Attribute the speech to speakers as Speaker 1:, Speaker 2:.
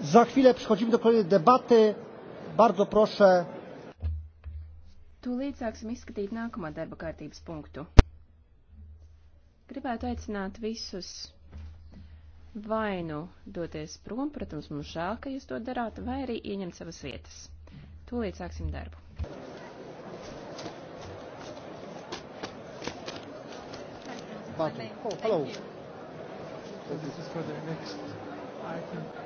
Speaker 1: Za chwilę przechodzimy do kolejnej debaty. Bardzo proszę.
Speaker 2: Tūlīt sāksim izskatīt nākamā darba kārtības punktu. Gribētu aicināt visus vai nu
Speaker 3: doties prom, protams, mums žēl, ka jūs to darāt, vai arī ieņemt savas vietas. Tūlīt sāksim darbu.
Speaker 4: Button. Oh, hello. So this is for the next item.